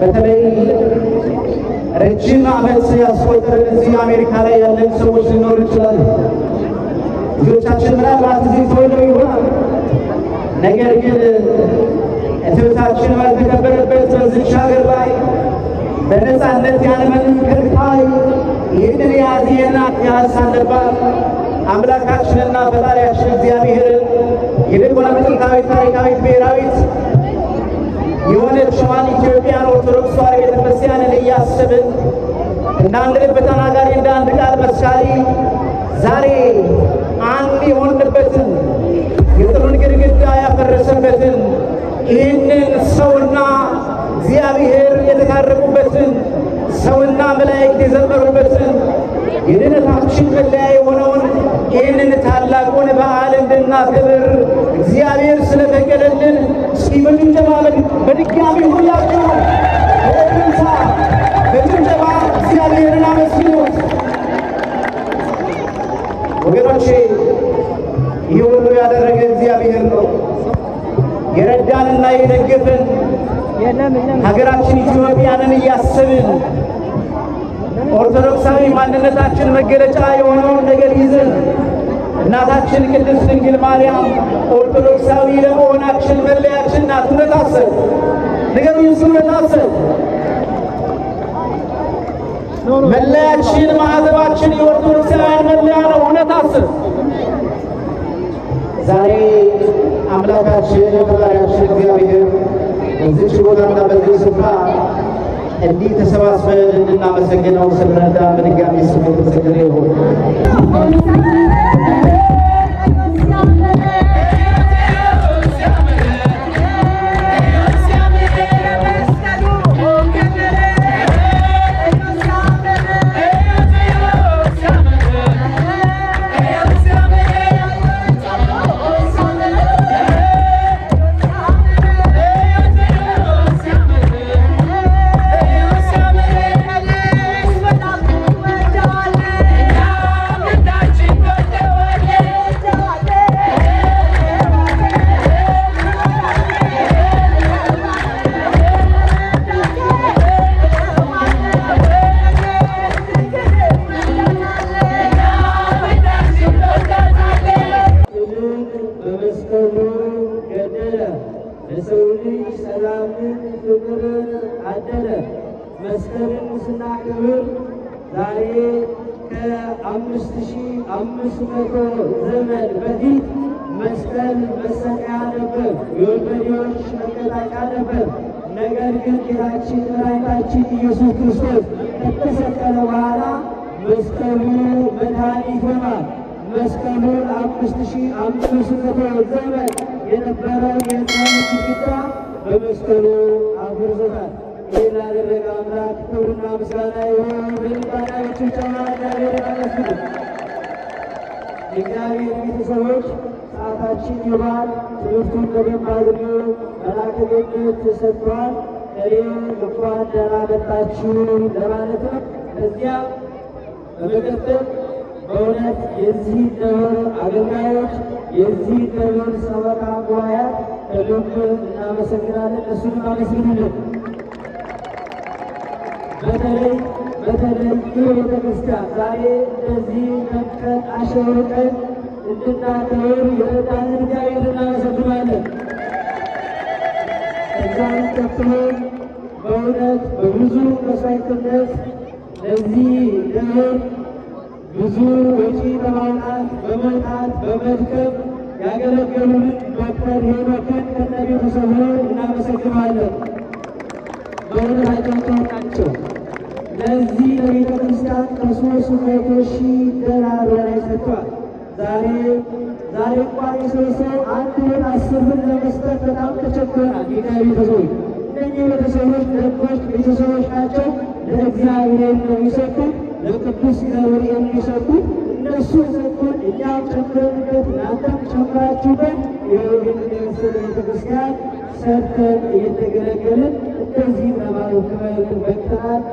በተለይ ረጅም አመት ያስቆጠረ እዚህ አሜሪካ ላይ ያለን ሰዎች ሊኖር ይችላል። ልጆቻችን ምናልባት እዚህ ተወልደው ይሆናል። ነገር ግን ትምህርታችን ባልተከበረበት በዚች ሀገር ላይ በነፃነት ያለምንም ክርታይ ይህንን የአዚየናት ያሳለባት አምላካችንና ፈጣሪያችን እግዚአብሔርን የልቦና ጥንታዊት ታሪካዊት ብሔራዊት ኦርቶዶክስ ተዋሕዶ ቤተክርስቲያንን እያሰብን እንደ አንድ ልብ ተናጋሪ እንደ አንድ ቃል መስቻሪ ዛሬ አንድ የሆንበትን የጥሩን ግድግዳ ያፈረሰበትን ይህንን ሰውና እግዚአብሔር የተታረቁበትን ሰውና መላእክት የዘመሩበትን የድነታችን መለያ የሆነውን ይህንን ታላቁን በዓል እንድናከብር እግዚአብሔር ስለፈቀደልን እስኪ በድጋሚ ሁላችሁ በጭብጨባ እግዚአብሔርን አመስግኑት ወገኖቼ። ይህ ሁሉ ያደረገ እግዚአብሔር ነው። የረዳንና የደገፈን ሀገራችን ኢትዮጵያንን እያሰብን ኦርቶዶክሳዊ ማንነታችን መገለጫ የሆነውን ነገር ይዘን እናታችን ቅድስት ድንግል ማርያም ኦርቶዶክሳዊ ለመሆናችን መለያችን ናት። እውነት አሰብ ነገሩ እውነት አሰብ መለያችን ማዕዘባችን የኦርቶዶክሳውያን መለያ ነው። እውነት አስብ። ዛሬ አምላካችን ፈጣሪያችን እግዚአብሔር እዚች ቦታና በዚህ ስፍራ እንዲህ ተሰባስበን እንድናመሰግነው ስለረዳ በድጋሚ ስሙ ተሰግነ ይሆን። ነበር። ነገር ግን ጌታችን መድኃኒታችን ኢየሱስ ክርስቶስ ከተሰቀለ በኋላ መስቀሉ መድኃኒት ሆኗል። መስቀሉ አምስት ሺህ አምስት መቶ ዘመን የነበረው የፀሐይ ግድግዳ በመስቀሉ አፍርሶታል። ይህን ላደረገ አምላክ ክብርና ምስጋና ይሆን። ጣናዎቹ ጨማ ያደረጋለስሉ የእግዚአብሔር ቤተሰቦች ሰዓታችን ይባል ትምህርቱን በደንብ አድርጎ መላከ ገነት ተሰጥቷል። እኔ እንኳን ደህና መጣችሁ ለማለት ነው። እዚያ በመቀጠል በእውነት የዚህ ደብር አገልጋዮች የዚህ ደብር ሰበካ ጉባኤያት ከልብ እናመሰግናለን። እሱንም አመስግኑልን በተለይ በተለይ ቤተክርስቲያን ዛሬ እንደዚህ መጠን አሸርቀን እንድናከብር የረዳን እግዚአብሔር እናመሰግናለን። እዛን ቀጥሎ በእውነት በብዙ መስዋዕትነት ለዚህ ደብር ብዙ ወጪ በማውጣት በመጣት በመድከም ያገለገሉን ዶክተር ሄኖክን ከነ ቤተሰቡ እናመሰግናለን። በእውነት አጨብጭቡ ናቸው። ለዚህ ለቤተ ክርስቲያን ከሶስት መቶ ሺህ ደናር በላይ ሰጥቷል። ዛሬ ዛሬ እንኳን የሰው ሰው አንድ ወር አስር ብር ለመስጠት በጣም ተቸግረናል። ጌታ ቤተሰቦች እነኚህ ቤተሰቦች ደጎች ቤተሰቦች ናቸው። ለእግዚአብሔር ነው የሚሰጡ፣ ለቅዱስ ገብርኤል የሚሰጡ እነሱ ሰጡን፣ እኛም ጨምረንበት፣ እናንተም ጨምራችሁበት የወግን የመሰለ ቤተክርስቲያን ሰርተን እየተገለገልን እንደዚህ በማለት ክበልን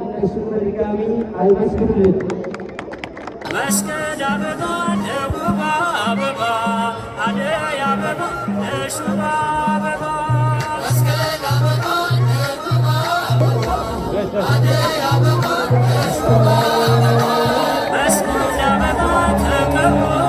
እነሱ በድጋሚ አልመስግኑልን። መስቀል አበባ፣ ደቡብ አበባ፣ አደይ አበባ፣ ሹባ አበባ አደይ አበባ፣ ሹባ አበባ መስቀል አበባ ተቀባ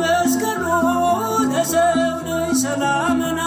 መስቀሉ ለሰው ልጅ